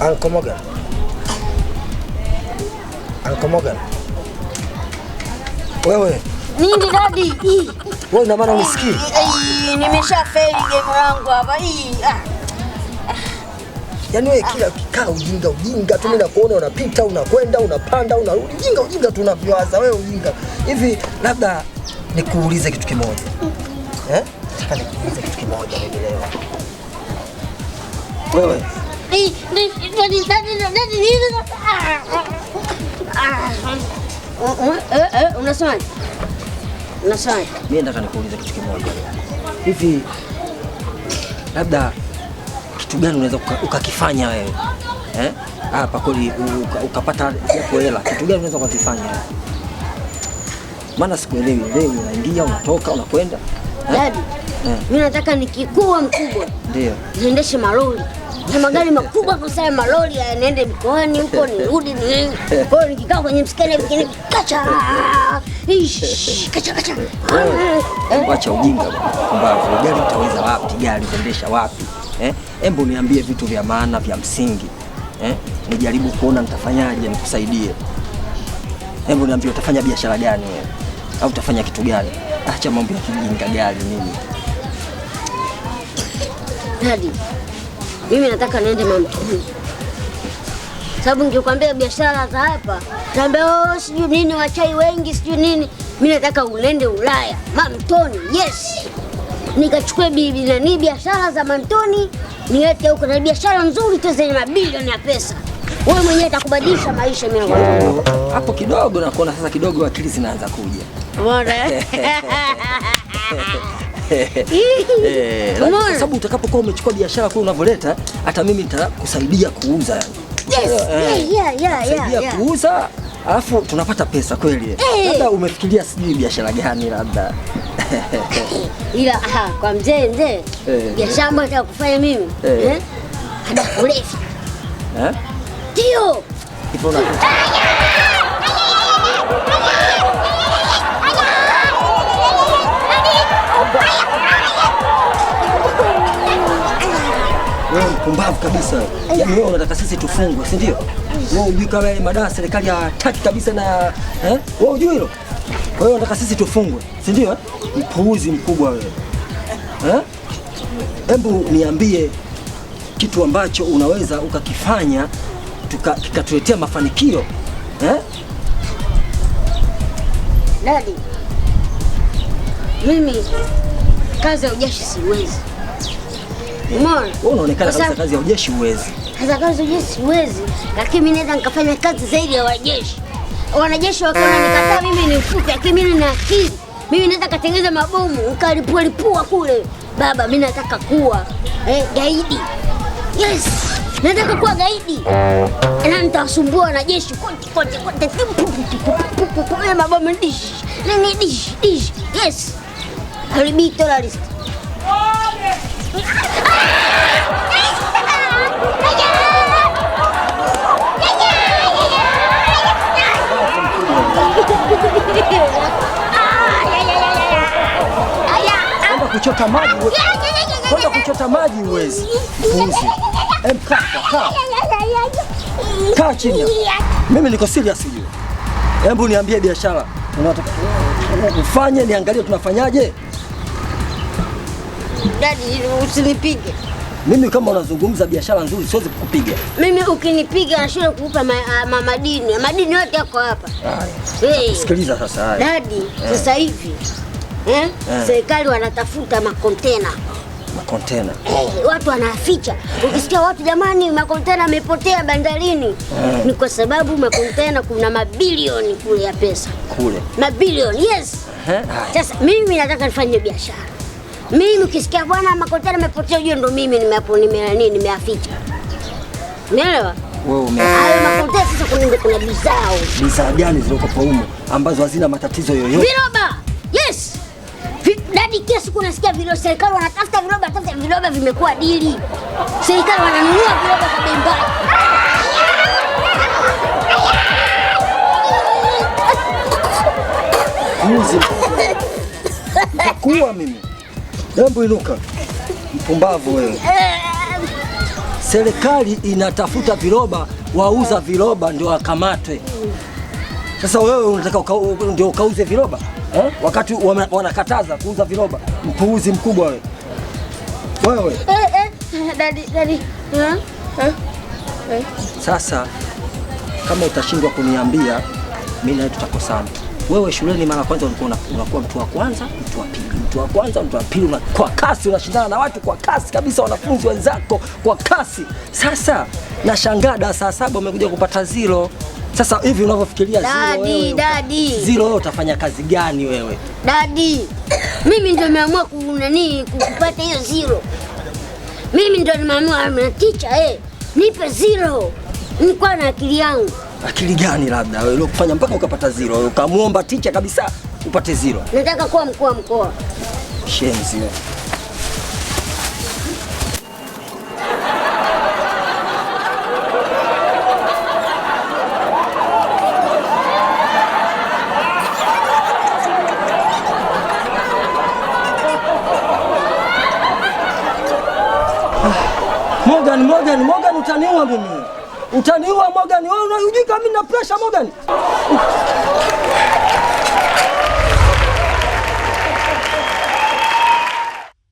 Uncle Morgan. Uncle Morgan. Wewe. Nini dadi? Wewe una maana unisikii? Nimesha fail game yangu hapa. Ah. Yaani wewe kila kikaa ujinga ujinga tu, mimi nakuona unapita, unakwenda, unapanda, unarudi. Ujinga ujinga tu unavyowaza wewe ujinga. Hivi labda nikuulize kitu kimoja. Eh? Nataka nikuulize kitu kimoja mimi leo. Wewe Unasema? Unasema? Mimi nataka nikuulize kitu kimoja. Hivi labda kitu gani unaweza ukakifanya wewe? Eh? Hapa kweli ukapata japo hela. Kitu gani unaweza ukakifanya Maana sikuelewi, leo unaingia, unatoka, unakwenda. Eh? Dadi, eh. mimi nataka nikikuwa mkubwa. Ndio. Niendeshe malori na magari makubwa kusema malori yanaende mkoani huko, nirudi ni kwao, nikikaa kwenye msikani hivi kacha kacha kacha. Eh, eh. Wacha ujinga kumbavu, gari utaweza wapi? Gari utaendesha wapi? Eh, niambie vitu vya maana vya msingi eh, nijaribu kuona nitafanyaje nikusaidie. Hebu niambie utafanya biashara gani wewe, au utafanya kitu gani? Acha mambo ya kijinga, gari nini hadi mimi nataka niende mamtoni, sababu nikikwambia biashara za hapa tambao oh, sijui nini wachai wengi sijui nini, mimi nataka unende Ulaya mamtoni, yes nikachukue bibi nani biashara za mamtoni niweke huko na biashara nzuri tu zenye mabilioni ya pesa. Wewe mwenyewe atakubadilisha maisha. Mimi hapo kidogo nakuona sasa, kidogo akili zinaanza kuja bora Eh, kwa sababu utakapokuwa umechukua biashara kule unavyoleta, hata mimi nitakusaidia kuuza eh, saidia kuuza, alafu tunapata pesa kweli. Eh. Labda umefikiria sijui biashara gani labda ila kwa mzee mzee, biashara ambayo nataka kufanya mimi hadakulevya ndio kabisa. Yaani wewe unataka sisi tufungwe, si ndio? Wewe ujui kama madawa serikali hataki kabisa na eh? Wewe ujui hilo? Kwa hiyo unataka sisi tufungwe, si ndio? Mpuuzi mkubwa wewe. Eh? Hebu niambie kitu ambacho unaweza ukakifanya kikatuletea mafanikio eh? Dadi, mimi kazi ya ujashi siwezi Umeona? Wewe unaonekana kabisa kazi ya ujeshi huwezi. Sasa kazi ya ujeshi siwezi, lakini mimi naweza nikafanya kazi zaidi ya wajeshi. Wanajeshi wakiona nikataa mimi ni mfupi, lakini mimi nina akili. Mimi naweza katengeza mabomu, nikalipua lipua kule. Baba, mimi nataka kuwa eh, gaidi. Yes. Nataka kuwa gaidi. Na nitawasumbua wanajeshi kote kote kote. Mabomu dish. Nini dish dish. Yes. I'll terrorist kuchota maji kwenda kuchota maji uwezi mpunzi. Kaa kaa kaa chini, mimi niko serious hiyo. Hebu niambie biashara unataka ufanye, niangalie tunafanyaje? Dadi, usinipige mimi. Kama unazungumza biashara nzuri, siwezi kukupiga mimi. Ukinipiga nashindwa kukupa ah, ma, madini madini yote yako hapa. Hey. Eh. Sikiliza sasa haya dadi, eh. sasa hivi eh, eh? Serikali wanatafuta makontena makontena hey, watu wanaficha. Ukisikia watu jamani, makontena amepotea bandarini, hmm. Ni kwa sababu makontena kuna mabilioni kule ya pesa kule, mabilioni yes. Sasa mimi nataka nifanye biashara mimi ukisikia bwana makontena amepotea, ujue ndo mimi nimeaficha. Umeelewa? Wewe umeelewa. Makontena sasa kuna kuna bizao. Bizao gani zilizoko kwa humo ambazo hazina matatizo yoyote? Viroba. Yes. Dadi kila siku nasikia vilo, serikali wanatafuta viroba, tafuta viroba vimekuwa dili. Serikali wananunua viroba kwa bei mbaya. Kuzi. mimi. Embu iluka, mpumbavu wewe. Serikali inatafuta viroba, wauza viroba ndio wakamatwe. Sasa wewe unataka ndio ukauze viroba eh? Wakati wanakataza kuuza viroba. Mpuuzi mkubwa wewe. Wewe eh, eh, eh, dadi, dadi. Sasa kama utashindwa kuniambia mimi na tutakosana. Wewe shuleni mara kwanza ulikuwa unakuwa mtu wa kwanza, mtu wa pili, mtu wa kwanza, mtu wa pili, kwa kasi unashindana na watu kwa kasi kabisa, wanafunzi wenzako kwa kasi. Sasa nashangaa darasa saba umekuja kupata zero. Sasa hivi unavyofikiria zero, wewe dadi, zero wewe utafanya kazi gani wewe dadi? Mimi ndio nimeamua kunani kupata hiyo zero, mimi ndio nimeamua na teacher eh, nipe zero, nilikuwa na akili yangu akili gani labda uliofanya mpaka ukapata zero? Ukamwomba ticha kabisa upate zero? Nataka kuwa mkuu wa mkoa. Shenzi wewe. Ah, Morgan, Morgan, Morgan utaniua mimi. Utaniua Morgan, wewe unajui kama mimi na pressure Morgan.